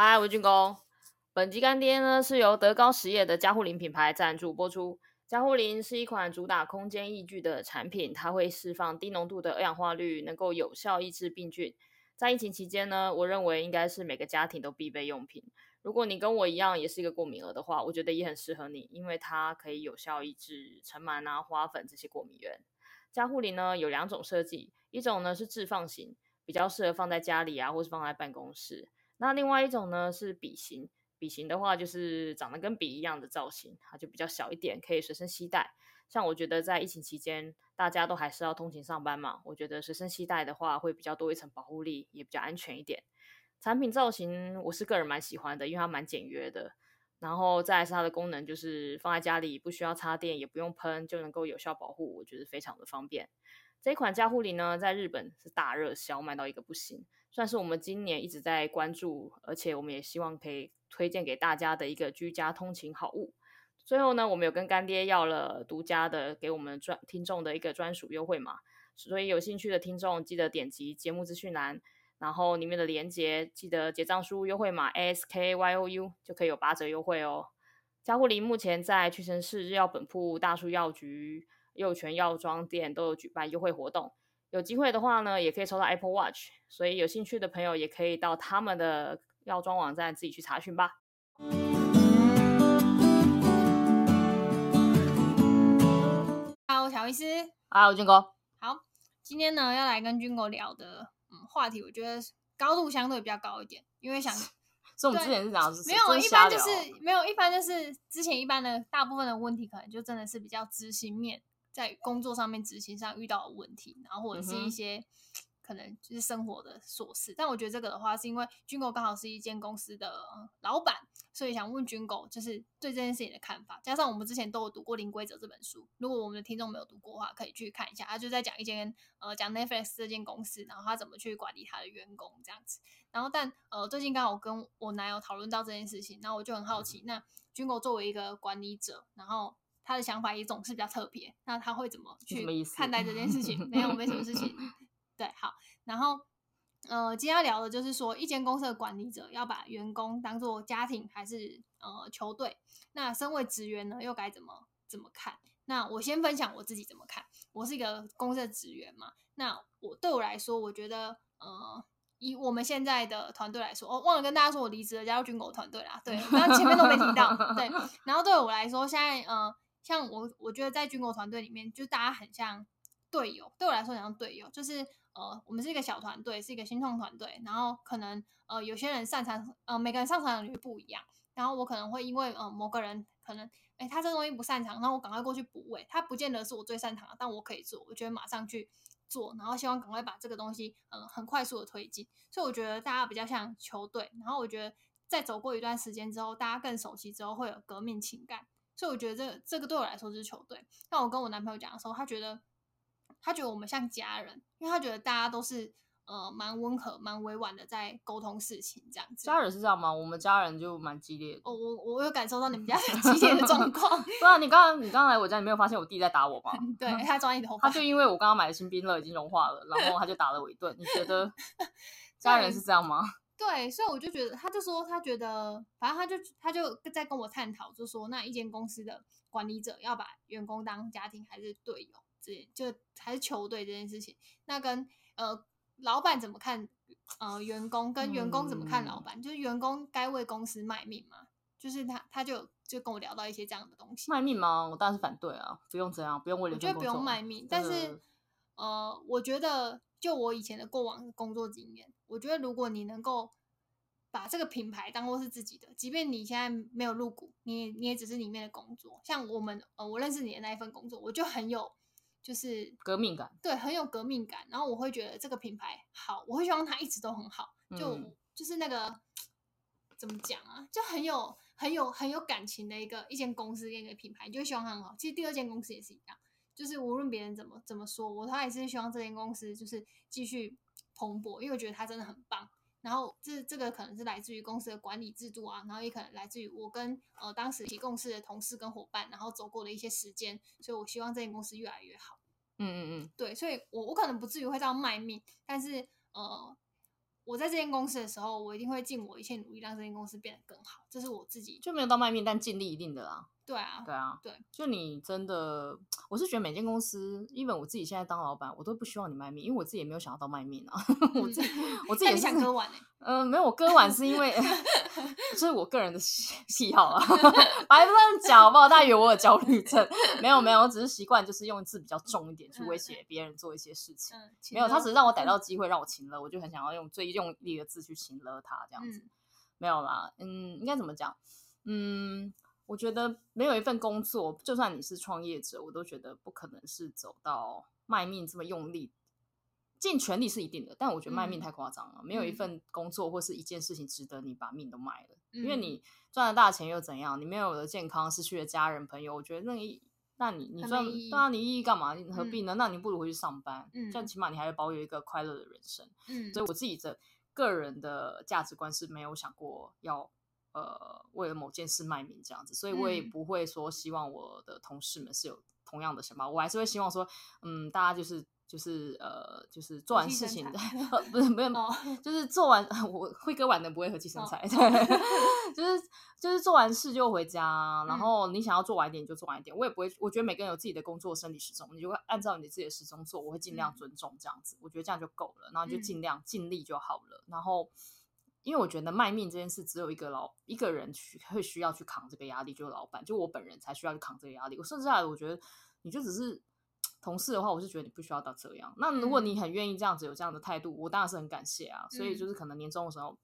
嗨，Hi, 我是 Jingle，本集乾爹呢是由德高實業的加護靈品牌贊助播出。加護靈是一款主打空間抑菌的產品，它會釋放低濃度的二氧化氯，能夠有效抑制病菌。在疫情期間呢，我認為應該是每個家庭都必備用品。如果你跟我一樣也是一個過敏兒的話，我覺得也很適合你，因為它可以有效抑制塵蟎啊、花粉這些過敏源。加護靈呢有兩種設計，一種呢是置放型，比較適合放在家裡啊，或是放在辦公室。那另外一種呢是筆型，筆型的話就是長得跟筆一樣的造型，它就比較小一點，可以隨身攜帶。像我覺得在疫情期間，大家都還是要通勤上班嘛，我覺得隨身攜帶的話會比較多一層保護力，也比較安全一點。產品造型我是個人蠻喜歡的，因為它蠻簡約的，然後再來是它的功能，就是放在家裡不需要插電，也不用噴，就能夠有效保護，我覺得非常的方便。這一款加護靈呢，在日本是大熱銷，賣到一個不行，算是我們今年一直在關注，而且我們也希望可以推薦給大家的一個居家通勤好物。最後呢，我們有跟乾爹要了獨家的給我們專聽眾的一個專屬優惠碼，所以有興趣的聽眾記得點擊節目資訊欄，然後裡面的鏈接記得結賬輸入優惠碼 askyou 就可以有八折優惠哦。加護靈目前在屈臣氏日藥本鋪大樹藥局右全藥妝店都有舉辦優惠活動，有機會的話呢，也可以抽到 Apple Watch，所以有興趣的朋友也可以到他們的藥妝網站自己去查詢吧。Hello，喬伊斯，Hello，Jingle，好，今天呢要來跟 Jingle 聊的嗯話題，我覺得高度相對比較高一點，因為想說， 所以我們之前是講對沒有一般就是沒有一般就是之前一般的大部分的問題，可能就真的是比較知識面。在工作上面執行上遇到的問題，然後或者是一些、嗯、哼可能就是生活的瑣事。但我覺得這個的話，是因為 Jingle 剛好是一間公司的老板，所以想問 Jingle，就是對這件事情的看法。加上我們之前都有讀過《零規則》這本書，如果我們的聽眾沒有讀過的話，可以去看一下。他就在講一間呃，講 Netflix 這間公司，然後他怎麼去管理他的員工這樣子。然後但，但呃，最近剛好跟我男友討論到這件事情，然後我就很好奇，嗯、那 Jingle 作為一個管理者，然後。他的想法也總是比較特別，那他會怎麼去看待這件事情？ 沒有沒什麼事情，對，好，然後呃，今天要聊的就是說，一間公司的管理者要把員工當做家庭還是呃球隊？那身為職員呢，又該怎麼怎麼看？那我先分享我自己怎麼看。我是一個公司的職員嘛，那我對我來說，我覺得呃，以我們現在的團隊來說，我、哦、忘了跟大家說，我離職了，加入軍狗團隊啦。對，然後前面都沒聽到， 對，然後對我來說，現在嗯。呃像我，我覺得在軍國團隊裡面，就大家很像隊友。對我來說，很像隊友，就是呃，我們是一個小團隊，是一個新創團隊。然後可能呃，有些人擅長，呃，每個人擅長領域不一樣。然後我可能會因為呃，某個人可能哎，他這個東西不擅長，那我趕快過去補位。他不見得是我最擅長的，但我可以做。我覺得馬上去做，然後希望趕快把這個東西嗯、呃，很快速的推進。所以我覺得大家比較像球隊。然後我覺得在走過一段時間之後，大家更熟悉之後，會有革命情感。所以我覺得這個、這個，對我來說是球隊。但我跟我男朋友講的時候，他覺得他覺得我們像家人，因為他覺得大家都是呃蠻溫和、蠻委婉的在溝通事情這樣子。家人是這樣嗎？我們家人就蠻激烈的。哦，我我我有感受到你們家很激烈的狀況。不然、 啊、你剛剛你剛剛來我家，你沒有發現我弟弟在打我嗎？ 對，他抓你頭髮， 他就因為我剛剛買的星冰樂已經融化了，然後他就打了我一頓。你覺得家人是這樣嗎？ 對，所以我就覺得，他就說他覺得，反正他就他就在跟我探討，就說那一間公司的管理者要把員工當家庭還是隊友，這就還是球隊這件事情。那跟呃老闆怎麼看呃員工，跟員工怎麼看老闆，嗯、就是員工該為公司賣命嗎？就是他他就就跟我聊到一些這樣的東西。賣命嗎？我當然是反對啊，不用這樣，不用為。我覺得不用賣命，這個、但是呃，我覺得就我以前的過往工作經驗。我覺得，如果你能夠把這個品牌當做是自己的，即便你現在沒有入股，你你也只是裡面的工作。像我們呃，我認識你的那一份工作，我就很有就是革命感，對，很有革命感。然後我會覺得這個品牌好，我會希望它一直都很好，就、嗯、就是那個怎麼講啊，就很有很有很有感情的一個一間公司跟一個品牌，你就會希望它很好。其實第二間公司也是一樣，就是無論別人怎麼怎麼說，我還是希望這間公司就是繼續蓬勃，因為我覺得他真的很棒。然後這這個可能是來自於公司的管理制度啊，然後也可能來自於我跟呃當時一起共事的同事跟夥伴，然後走過的一些時間。所以我希望這間公司越來越好。嗯嗯嗯，對，所以我我可能不至於會這樣賣命，但是呃，我在這間公司的時候，我一定會盡我一切努力讓這間公司變得更好。這是我自己就沒有到賣命，但盡力一定的啦。對啊，對啊，對。就你真的，我是覺得每間公司，因為我自己現在當老闆，我都不希望你賣命，因為我自己也沒有想要到賣命啊。我自己，我自己也想割腕。嗯，沒有，我割腕，是因為，這是我個人的喜好啊，白不亂講好不好？大家以為我有焦慮症，沒有沒有，我只是習慣就是用字比較重一點去威脅別人做一些事情。沒有，他只是讓我逮到機會讓我勤了，我就很想要用最用力的字去勤了他這樣子。沒有啦，嗯，應該怎麼講？嗯，我覺得沒有一份工作，就算你是創業者，我都覺得不可能是走到賣命這麼用力，盡全力是一定的。但我覺得賣命太誇張了，嗯、沒有一份工作或是一件事情值得你把命都賣了。嗯、因為你賺了大錢又怎樣？你沒有了健康，失去了家人朋友，我覺得那那，你你賺那你意義幹嘛？何必呢？嗯、那你不如回去上班，嗯，這樣起碼你還會保有一個快樂的人生。嗯、所以我自己這。個人的價值觀是沒有想過要，呃，為了某件事賣命這樣子，所以我也不會說希望我的同事們是有同樣的想法，我還是會希望說，嗯，大家就是。就是呃，就是做完事情，的不是不是，oh. 就是做完我會哥完的，不會和氣生財，oh. 對 就是就是做完事就回家，嗯、然後你想要做完一點就做完一點，我也不會，我覺得每個人有自己的工作生理時鐘，你就會按照你自己的時鐘做，我會儘量尊重這樣子，嗯、我覺得這樣就夠了，然後就儘量盡力就好了。嗯、然後因為我覺得賣命這件事只有一個老一個人去會需要去扛這個壓力，就是老板，就我本人才需要去扛這個壓力。我甚至還，我覺得你就只是。同事的話，我是覺得你不需要到這樣。那如果你很願意這樣子、嗯、有這樣的態度，我當然是很感謝啊。嗯、所以就是可能年終的時候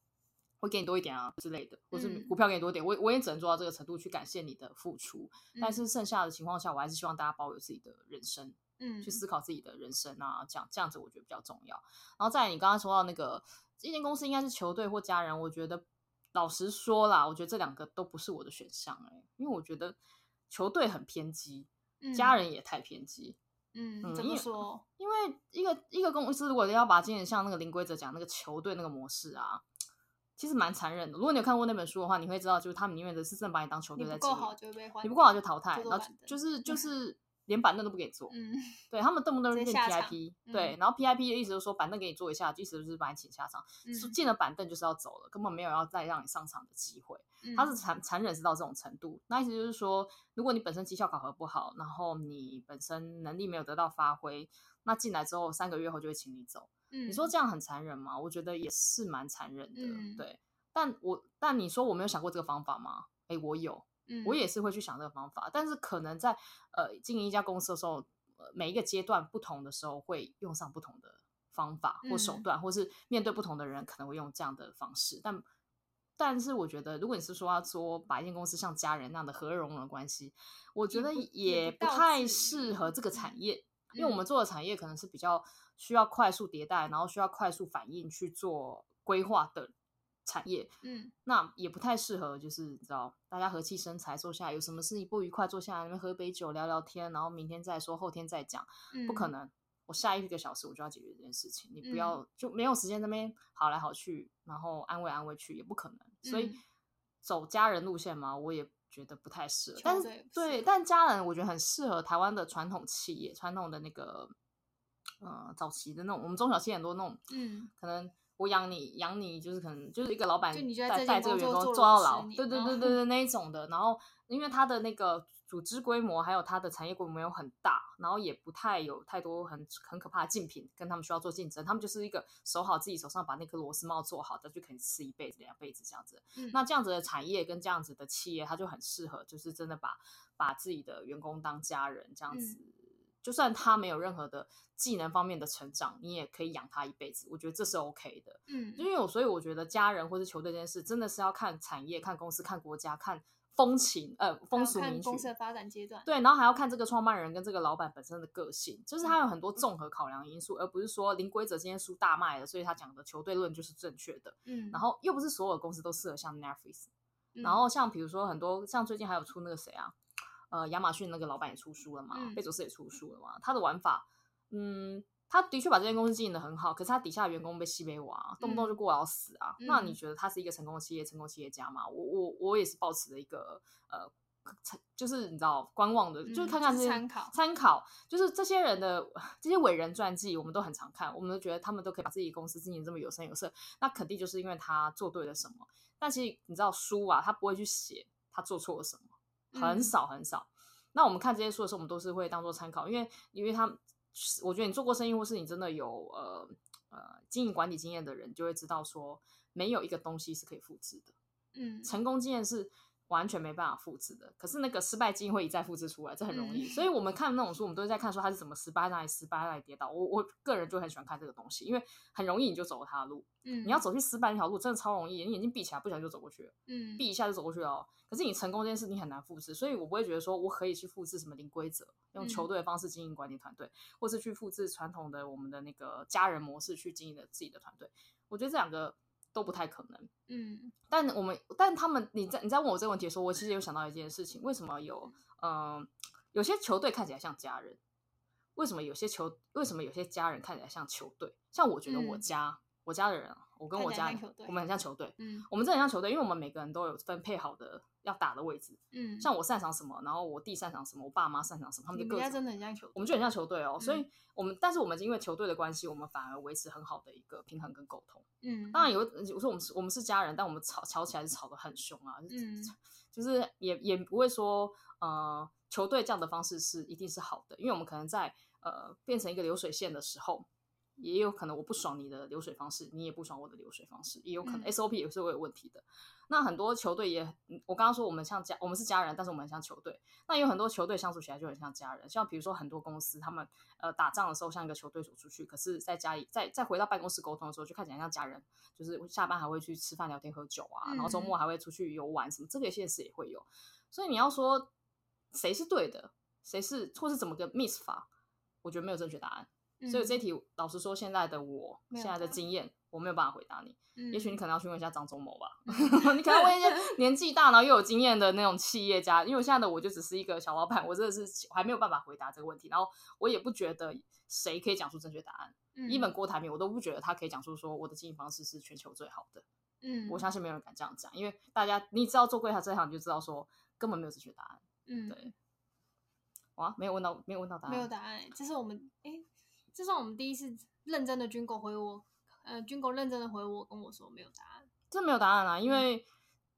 會給你多一點啊之類的，嗯、或是股票給你多一點。我我也只能做到這個程度去感謝你的付出。嗯、但是剩下的情況下，我還是希望大家保有自己的人生，嗯，去思考自己的人生啊，這樣這樣子我覺得比較重要。然後再來，你剛剛說到那個一間公司應該是球隊或家人，我覺得老實說啦，我覺得這兩個都不是我的選項、欸、因為我覺得球隊很偏激，嗯、家人也太偏激。嗯，怎麼說？因為一個一個公司如果要把經營像那個零規則講那個球隊那個模式啊，其實蠻殘忍的。如果你有看過那本書的話，你會知道，就是他們寧願的是正把你當球隊在經營，你不夠好就被換，你不夠好就淘汰，多多然後就是就是。嗯連板凳都不給坐，嗯、對，他們動不動就 PIP，、嗯、對，然後 PIP 的意思就是說，板凳給你坐一下，嗯、意思就是把你請下場，嗯、進了板凳就是要走了，根本沒有要再讓你上場的機會，他、嗯、是殘殘忍是到這種程度。嗯、那意思就是說，如果你本身績效考核不好，然後你本身能力沒有得到發揮，那進來之後三個月後就會請你走。嗯、你說這樣很殘忍嗎？我覺得也是蠻殘忍的，嗯、對。但我但你說我沒有想過這個方法嗎？哎，我有。嗯，我也是會去想這個方法，嗯、但是可能在呃經營一家公司的時候，呃，每一個階段不同的時候會用上不同的方法或手段，嗯、或是面對不同的人可能會用這樣的方式。但但是我覺得，如果你是說要做把一間公司像家人那樣的和融融的關係，不我覺得也不太適合這個產業，嗯、因為我們做的產業可能是比較需要快速迭代，然後需要快速反應去做規劃的。產業，嗯，那也不太適合，就是你知道大家和氣生財，坐下來有什麼事情不愉快，坐下來那邊喝杯酒聊聊天，然後明天再說，後天再講，嗯、不可能。我下一個小時我就要解決這件事情，嗯、你不要就沒有時間在那邊好來好去，然後安慰安慰去也不可能。嗯、所以走家人路線嘛，我也覺得不太適合。但是對，但家人我覺得很適合台灣的傳統企業，傳統的那個，嗯、呃，早期的那種，我們中小企業很多那種，嗯，可能。我養你，養你就是可能就是一個老闆帶在這帶這個員工做到老，對對對對對、啊、那一種的。然後因為他的那個組織規模還有他的產業規模沒有很大，然後也不太有太多很很可怕的競品跟他們需要做競爭。他們就是一個守好自己手上把那顆螺絲帽做好的，就可以吃一輩子兩輩子這樣子。嗯、那這樣子的產業跟這樣子的企業，他就很適合，就是真的把把自己的員工當家人這樣子。嗯就算他沒有任何的技能方面的成長，你也可以養他一輩子。我覺得這是 OK 的，嗯，因為我所以我覺得家人或是球隊這件事，真的是要看產業、看公司、看國家、看風情呃風俗民情的發展階段，對，然後還要看這個創辦人跟這個老闆本身的個性，就是他有很多綜合考量因素，而不是說零規則今天書大賣了，所以他講的球隊論就是正確的，嗯，然後又不是所有的公司都適合像 Netflix，然後像比如說很多像最近還有出那個誰啊。呃，亞馬遜那個老闆也出書了嘛，嗯、貝佐斯也出書了嘛。他的玩法，嗯，他的確把這間公司經營得很好，可是他底下的員工被西北娃動不動就過勞死啊。嗯、那你覺得他是一個成功的企業，成功企業家嗎？我我我也是抱持的一個呃，成就是你知道觀望的，就是看看這些參考，參考就是這些人的這些偉人傳記，我們都很常看，我們都覺得他們都可以把自己公司經營這麼有聲有色，那肯定就是因為他做對了什麼。但其實你知道書啊，他不會去寫他做錯了什麼。很少很少，很少嗯，那我們看這些書的時候，我們都是會當做參考，因為，因為他，我覺得你做過生意或是你真的有呃呃經營管理經驗的人，就會知道說，沒有一個東西是可以複製的，嗯，成功經驗是。完全沒辦法複製的，可是那個失敗經驗會一再複製出來，這很容易。嗯、所以我們看那種書，嗯、我們都在看說他是怎麼失敗，哪裡失敗，哪裡跌倒。我我個人就很喜歡看這個東西，因為很容易你就走他的路。嗯、你要走去失敗那條路，真的超容易，你眼睛閉起來，不小心就走過去了。嗯，閉一下就走過去了。哦，可是你成功這件事，你很難複製。所以我不會覺得說我可以去複製什麼零規則，用球隊的方式經營管理團隊，嗯、或是去複製傳統的我們的那個家人模式去經營的自己的團隊。我覺得這兩個。都不太可能，嗯，但我們，但他們，你在你在問我這個問題的時候，我其實有想到一件事情：為什麼有嗯、呃，有些球隊看起來像家人？為什麼有些球，為什麼有些家人看起來像球隊？像我覺得我家。嗯我家的人、啊，我跟我家人，我們很像球隊。嗯、我們真的很像球隊，因為我們每個人都有分配好的要打的位置。嗯、像我擅長什麼，然後我弟擅長什麼，我爸媽擅長什麼，他們就各自。你們家真的很像球隊。我們就很像球隊哦、喔，嗯、所以我們，但是我們因為球隊的關係，我們反而維持很好的一個平衡跟溝通。嗯，當然有，我說我們是，我們是家人，但我們吵吵起來是吵得很兇啊。嗯、就是也也不會說，呃，球隊這樣的方式是一定是好的，因為我們可能在呃變成一個流水線的時候。也有可能我不爽你的流水方式，你也不爽我的流水方式，也有可能 SOP 也是我有問題的。嗯、那很多球隊也，我剛剛說我們像家，我們是家人，但是我們很像球隊。那也有很多球隊相處起來就很像家人，像比如說很多公司，他們呃打仗的時候像一個球隊走出去，可是在家裡在在回到辦公室溝通的時候就看起來像家人，就是下班還會去吃飯聊天喝酒啊，嗯、然後周末還會出去遊玩什麼，這個現實也會有。所以你要說誰是對的，誰是或是怎麼個 miss 法，我覺得沒有正確答案。所以這題，老實說，現在的我現在的經驗，沒啊、我沒有辦法回答你。也許你可能要去問一下張忠謀吧，嗯、 你可能問一些年紀大然後又有經驗的那種企業家。因為我現在的我就只是一個小老闆，我真的是還沒有辦法回答這個問題。然後我也不覺得誰可以講出正確答案。一本、嗯、郭台銘我都不覺得他可以講出說我的經營方式是全球最好的。嗯、我相信沒有人敢這樣講，因為大家你知道做櫃台這一行你就知道說根本沒有正確答案。嗯、對哇。沒有問到，沒有問到答案。沒有答案，這是我們、欸這是我們第一次認真的軍狗回我，呃，軍哥認真的回我跟我說沒有答案，這沒有答案啊，因為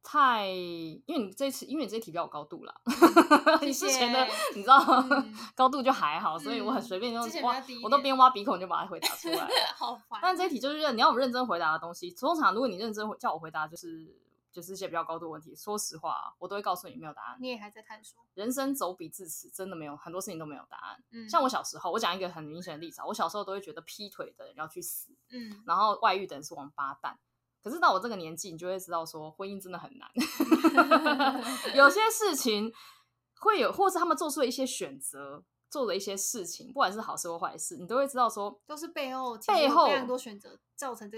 太，因為你這次因為你這題比較有高度了，嗯、 你之前的、嗯、你知道嗎？嗯、高度就還好，所以我很隨便就，是挖、嗯，我都邊挖鼻孔就把它回答出來，嗯、 好煩緩。但這一題就是你要有認真回答的東西，通常如果你認真回叫我回答，就是。就是一些比較高度的問題，說實話啊，我都會告訴你沒有答案。你也還在探索。人生走筆至此，真的沒有很多事情都沒有答案。嗯，像我小時候，我講一個很明顯的例子啊，我小時候都會覺得劈腿的人要去死，嗯，然後外遇的人是王八蛋。可是到我這個年紀，你就會知道說婚姻真的很難， 有些事情會有，或是他們做出了一些選擇。做了一些事情，不管是好事或壞事，你都會知道說，說都是背後背後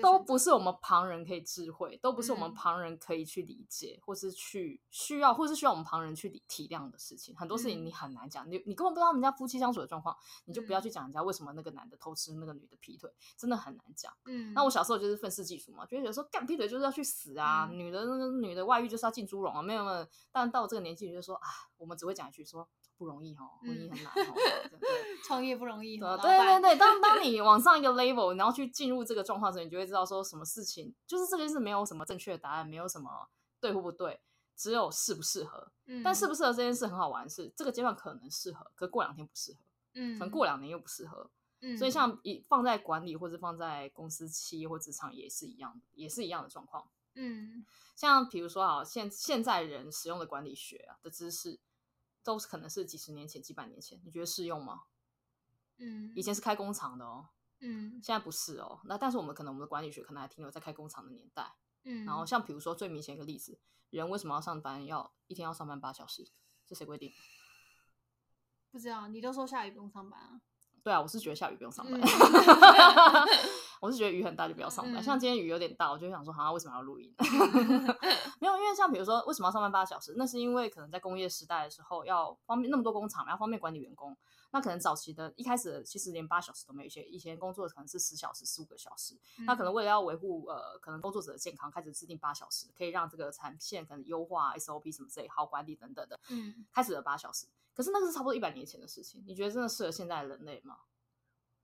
都不是我們旁人可以智慧，都不是我們旁人可以去理解，嗯、或是去需要，或是需要我們旁人去體諒的事情。很多事情你很難講，嗯、你你根本不知道人家夫妻相處的狀況，你就不要去講人家為什麼那個男的偷吃，那個女的劈腿，真的很難講。嗯，那我小時候就是憤世嫉俗嘛，覺得有時候幹劈腿就是要去死啊，嗯、女的女的外遇就是要浸豬籠啊，沒有沒有。但到我這個年紀，就說啊，我們只會講一句說。不容易哈，婚姻很難哈。創、嗯、對 業不容易。對，對對對， 當當你往上一個 level，然後去進入這個狀況時，你就會知道說什麼事情，就是這件事沒有什麼正確的答案，沒有什麼對或不對，只有適不適合。嗯、但適不適合這件事很好玩，是這個階段可能適合，可過兩天不適合，嗯，可能過兩年又不適合，嗯，所以像一放在管理或者放在公司、企業或職場也是一樣的，也是一樣的狀況。嗯，像比如說好，好現現在人使用的管理學、啊、的知識。都是可能是幾十年前、幾百年前，你覺得適用嗎？嗯，以前是開工廠的哦、喔，嗯，現在不是哦、喔。那但是我們可能我們的管理學可能還停留在開工廠的年代，嗯。然後像比如說最明顯一個例子，人為什麼要上班要？要一天要上班八小時，是誰規定？不知道，你都說下雨不用上班啊。對啊，我是覺得下雨不用上班， 我是覺得雨很大就不要上班。嗯、像今天雨有點大，我就會想說，好、啊，為什麼要錄音？ 沒有，因為像比如說，為什麼要上班八小時？那是因為可能在工業時代的時候，要方便那麼多工廠，要方便管理員工。那可能早期的一開始，其實連八小時都沒有。以前以前工作可能是十小時、十五個小時。嗯、那可能為了要維護呃，可能工作者的健康，開始制定八小時，可以讓這個產線可能優化 SOP 什麼之類、好管理等等的。嗯，開始了八小時，可是那個是差不多一百年前的事情，你覺得真的適合現在的人類嗎？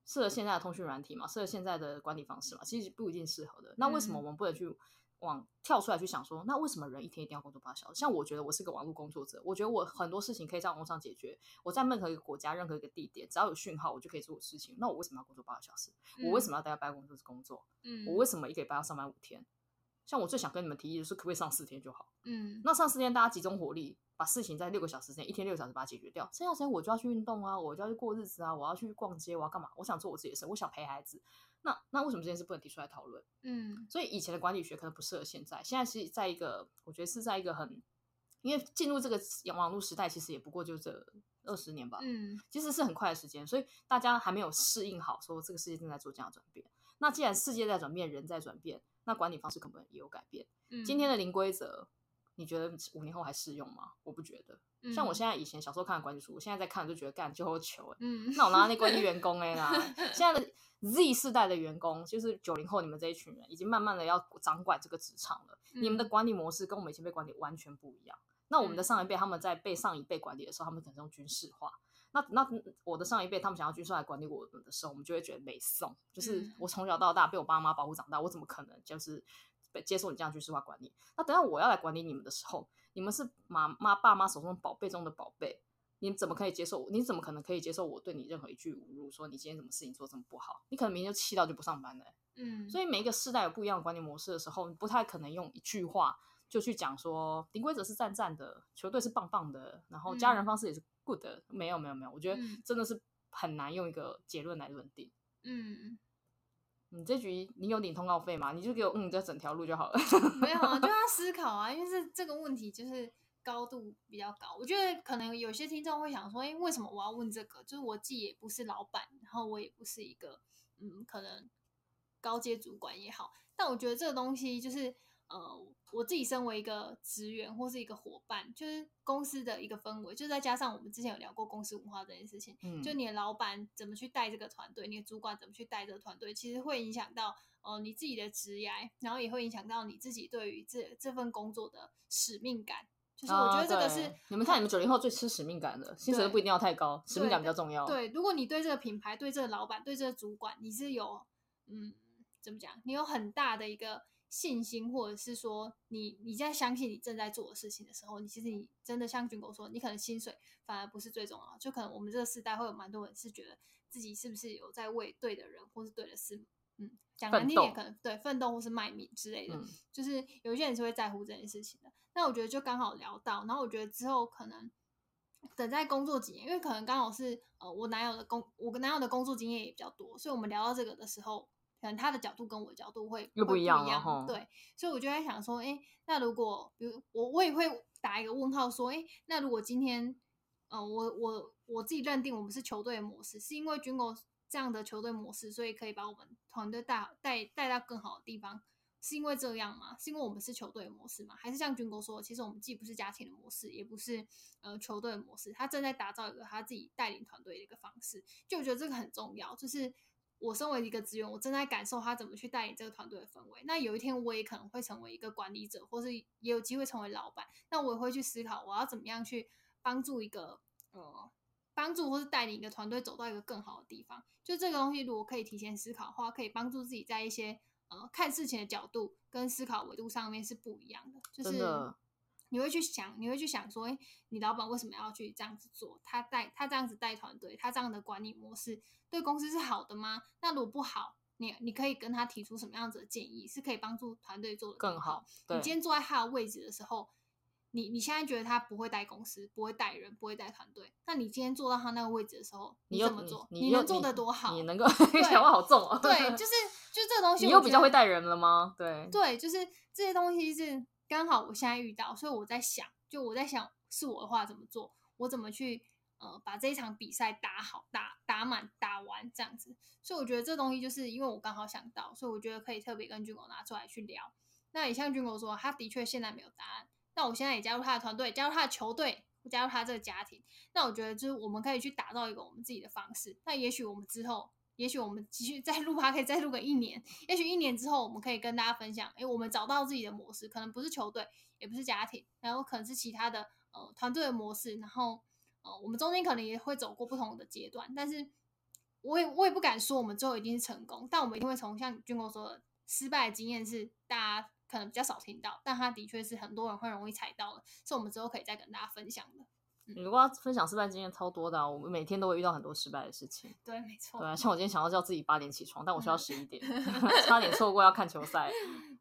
適合現在的通訊軟體嗎？適合現在的管理方式嗎？嗯、其實不一定適合的。那為什麼我們不能去？往跳出來去想說，那為什麼人一天一定要工作八小時？像我覺得我是個網絡工作者，我覺得我很多事情可以在網絡上解決。我在任何一個國家、任何一個地點，只要有訊號，我就可以做事情。那我為什麼要工作八個小時？嗯，我為什麼要待在辦公室工作？嗯，我為什麼一個禮拜要上班五天？像我最想跟你們提議的是可，可以不上四天就好。嗯，那上四天大家集中火力，把事情在六個小時內，一天六個小時把它解決掉。剩下時間我就要去運動啊，我就要去過日子啊，我要去逛街，我要幹嘛？我想做我自己的事，我想陪孩子。那那為什麼這件事不能提出來討論？嗯，所以以前的管理學可能不適合現在。現在是在一個，我覺得是在一個很，因為進入這個網路時代，其實也不過就這二十年吧，嗯，其實是很快的時間，所以大家還沒有適應好，說這個世界正在做這樣的轉變。那既然世界在轉變，人在轉變，那管理方式可能也有改變。嗯，今天的零規則。你覺得五年後還適用嗎？我不覺得。像我現在以前小時候看的管理書，我現在在看就覺得幹就求了。嗯、那我拿那管理員工哎啦，的現在的 Z 世代的員工就是九零後，你們這一群人已經慢慢的要掌管這個職場了。嗯、你們的管理模式跟我們以前被管理完全不一樣。那我們的上一輩，他們在被上一輩管理的時候，他們可能用軍事化。那那我的上一輩他們想要軍事化來管理我們的時候，我們就會覺得沒送，就是我從小到大被我爸媽保護長大，我怎麼可能就是。接受你這樣軍事化管理。那等下我要來管理你們的時候，你們是媽媽爸媽手中寶貝中的寶貝，你怎麼可以接受我？你怎麼可能可以接受我對你任何一句侮辱，說你今天什麼事情做這麼不好？你可能明天就氣到就不上班了。嗯，所以每一個世代有不一樣的管理模式的時候，你不太可能用一句話就去講說，零規則是讚讚的，球隊是棒棒的，然後家人方式也是 good、嗯沒。沒有沒有沒有，我覺得真的是很難用一個結論來論定。嗯。你這局你有領通告費嗎？你就給我嗯這整條路就好了。 沒有啊，就要思考啊，因為是這，這個問題就是高度比較高。我覺得可能有些聽眾會想說，誒，為什麼我要問這個？就是我自己也不是老板，然後我也不是一個嗯，可能高階主管也好。但我覺得這個東西就是。呃，我自己身為一個職員或是一個夥伴，就是公司的一個氛圍，就再加上我們之前有聊過公司文化這件事情，嗯，就你的老闆怎麼去帶這個團隊，你的主管怎麼去帶這個團隊，其實會影響到呃你自己的職涯，然後也會影響到你自己對於這這份工作的使命感。就是我覺得這個是、啊你，啊、你們看，你們九零後最吃使命感的對薪水不一定要太高，使命感比較重要對。對，如果你對這個品牌、對這個老闆、對這個主管，你是有嗯怎麼講，你有很大的一個。信心，或者是說你，你你在相信你正在做的事情的時候，你其實你真的像 Jingle 說，你可能薪水反而不是最重要，就可能我們這個時代會有蠻多人是覺得自己是不是有在為對的人或是對的事，嗯，講難聽點可能奮鬥對奮鬥或是賣命之類的，嗯、就是有一些人是會在乎這件事情的。那我覺得就剛好聊到，然後我覺得之後可能等再工作幾年，因為可能剛好是呃我男友的工，我跟男友的工作經驗也比較多，所以我們聊到這個的時候。可能他的角度跟我的角度會，會不一樣，一樣，對，所以我就在想說，哎、欸，那如果比如我，我也會打一個問號，說，哎、欸，那如果今天，呃，我我我自己認定我們是球隊的模式，是因為軍哥這樣的球隊模式，所以可以把我們團隊帶帶帶到更好的地方，是因為這樣嗎？是因為我們是球隊的模式嗎？還是像軍哥說，其實我們既不是家庭的模式，也不是呃球隊的模式，他正在打造一個他自己帶領團隊的一個方式，就我覺得這個很重要，就是。我身為一個職員，我正在感受他怎麼去帶領這個團隊的氛圍。那有一天，我也可能會成為一個管理者，或是也有機會成為老闆。那我也會去思考，我要怎麼樣去幫助一個呃，幫助或是帶領一個團隊走到一個更好的地方。就這個東西，如果可以提前思考的話，可以幫助自己在一些呃看事情的角度跟思考維度上面是不一樣的。就是，真的。你會去想，你會去想說，哎、欸，你老板為什麼要去這樣子做？他帶他這樣子帶團隊，他這樣的管理模式對公司是好的嗎？那如果不好，你你可以跟他提出什麼樣子的建議，是可以幫助團隊做得更好。你今天坐在他的位置的時候，你你現在覺得他不會帶公司，不會帶人，不會帶團隊。那你今天坐到他那個位置的時候，你怎麼做？你，你，你能做得多好？你，你，你能夠？你想法好重啊。 對，對，就是就是、這個東西，你又比較會帶人了嗎？對對，就是這些東西是。剛好我現在遇到，所以我在想，就我在想是我的話怎麼做，我怎麼去呃把這一場比賽打好、打打滿、打完這樣子。所以我覺得這東西就是因為我剛好想到，所以我覺得可以特別跟 Jingle 拿出來去聊。那也像 Jingle 說，他的確現在沒有答案。那我現在也加入他的團隊，加入他的球隊，加入他這個家庭。那我覺得就是我們可以去打造一個我們自己的方式。那也許我們之後。也許我們繼續再錄，還可以再錄個一年。也許一年之後，我們可以跟大家分享，為、欸、我們找到自己的模式，可能不是球隊，也不是家庭，然後可能是其他的呃團隊的模式。然後呃，我們中間可能也會走過不同的階段。但是，我也我也不敢說我們最後一定是成功，但我們一定會從像俊哥說的，失敗的經驗是大家可能比較少聽到，但它的確是很多人會容易踩到的，是我們之後可以再跟大家分享的。你、嗯、如果要分享失敗經驗超多的、啊，我們每天都會遇到很多失敗的事情。對，沒錯。對，像我今天想要叫自己八點起床，但我需要十一點，嗯、 差點錯過要看球賽。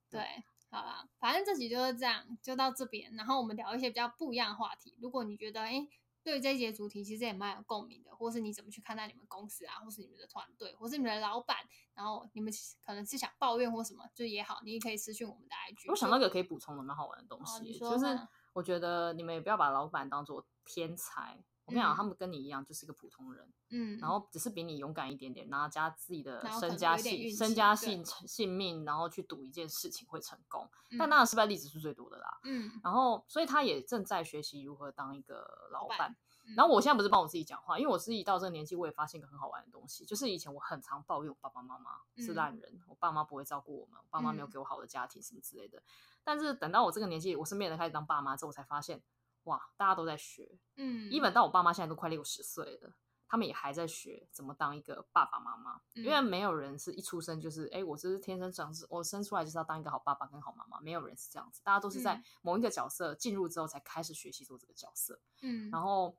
對，好啦，反正這集就是這樣，就到這邊。然後我們聊一些比較不一樣的話題。如果你覺得，誒、欸，對於這一節主題其實也蠻有共鳴的，或是你怎麼去看待你們公司啊，或是你們的團隊，或是你們的老板，然後你們可能是想抱怨或什麼，就也好，你也可以私訊我們的 IG 對。我想到一個可以補充的蠻好玩的東西，就是。嗯我覺得你們也不要把老板當做天才，我跟你講，嗯、他們跟你一樣，就是一個普通人。嗯，然後只是比你勇敢一點點，拿自己的身家性身家性對性命，然後去賭一件事情會成功，嗯、但當然失敗例子是最多的啦。嗯，然後所以他也正在學習如何當一個老板。老板嗯、然後我現在不是幫我自己講話，因為我自己到這個年紀，我也發現一個很好玩的東西，就是以前我很常抱怨我爸爸媽媽是爛人，嗯、我爸媽不會照顧我們，我爸媽沒有給我好的家庭什麼、嗯、之類的。但是等到我這個年紀，我身邊人開始當爸媽之後，我才發現，哇，大家都在學。嗯，Even though 我爸媽現在都快六十歲了。他們也還在學怎麼當一個爸爸媽媽，因為沒有人是一出生就是，哎、嗯，我這是天生長是，我生出來就是要當一個好爸爸跟好媽媽，沒有人是這樣子，大家都是在某一個角色進入之後才開始學習做這個角色。嗯，然後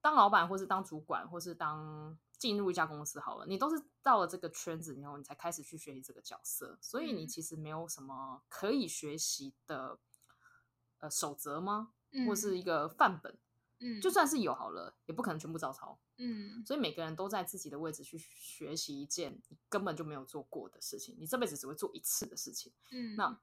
當老闆或是當主管或是當進入一家公司好了，你都是到了這個圈子以後，你才開始去學習這個角色，所以你其實沒有什麼可以學習的呃守則嗎？或是一個範本？嗯就算是有好了，嗯、也不可能全部照抄。嗯，所以每個人都在自己的位置去學習一件你根本就沒有做過的事情，你這輩子只會做一次的事情。嗯，那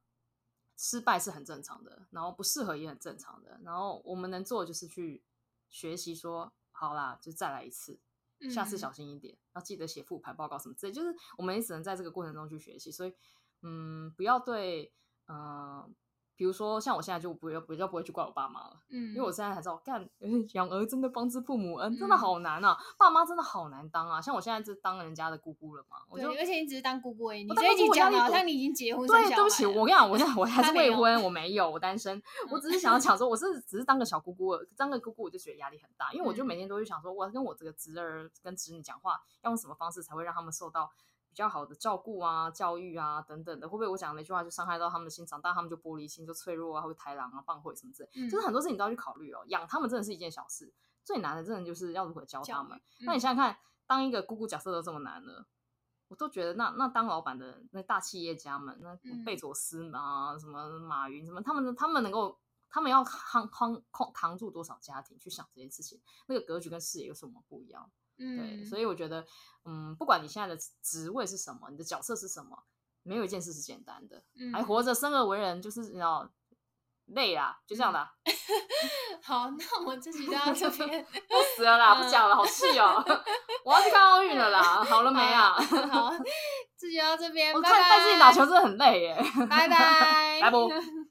失敗是很正常的，然後不適合也很正常的，然後我們能做的就是去學習，說好啦，就再來一次，下次小心一點，嗯、要記得寫復盤報告什麼之類，就是我們也只能在這個過程中去學習。所以，嗯，不要對，嗯、呃。比如說，像我現在就不會，比較不會去怪我爸媽了。嗯，因為我現在才知道，幹養兒真的方知父母恩，真的好難啊！嗯、爸媽真的好難當啊！像我現在是當人家的姑姑了嘛？對我得就，而且你只是當姑姑而已。我這一講好像你已經結婚了。對，對不起，我跟你講，我現在我還是未婚，沒我沒有，我單身。嗯、我只是想要講說，我是只是當個小姑姑，當個姑姑我就覺得壓力很大，因為我就每天都去想說，我要跟我這個侄兒跟侄女講話，要用什麼方式才會讓他們受到。比較好的照顧啊、教育啊等等的，會不會我講的那句話就傷害到他們的心臟？但他們就玻璃心、就脆弱啊，會豺狼啊、放火什麼之類的，嗯、就是很多事情都要去考慮哦。養他們真的是一件小事，最難的真的就是要如何教他們。嗯、那你想想看，當一個姑姑角色都這麼難了，我都覺得那那當老闆的那大企業家們，那貝佐斯啊、什麼馬雲什麼，他們他們能夠他們要扛扛扛、扛住多少家庭去想這件事情，那個格局跟視野有什麼不一樣？嗯、對，所以我覺得，嗯，不管你現在的職位是什麼，你的角色是什麼，沒有一件事是簡單的，嗯、還活着生而為人就是要累啦，就這樣的、啊。 好，那我們這集就到這邊 不死了啦，不講了，嗯、好氣哦， 我要去看奧運了啦，好了沒啊？ 好，自己要到這邊，拜拜。 自己打球真的很累耶，拜拜，拜拜。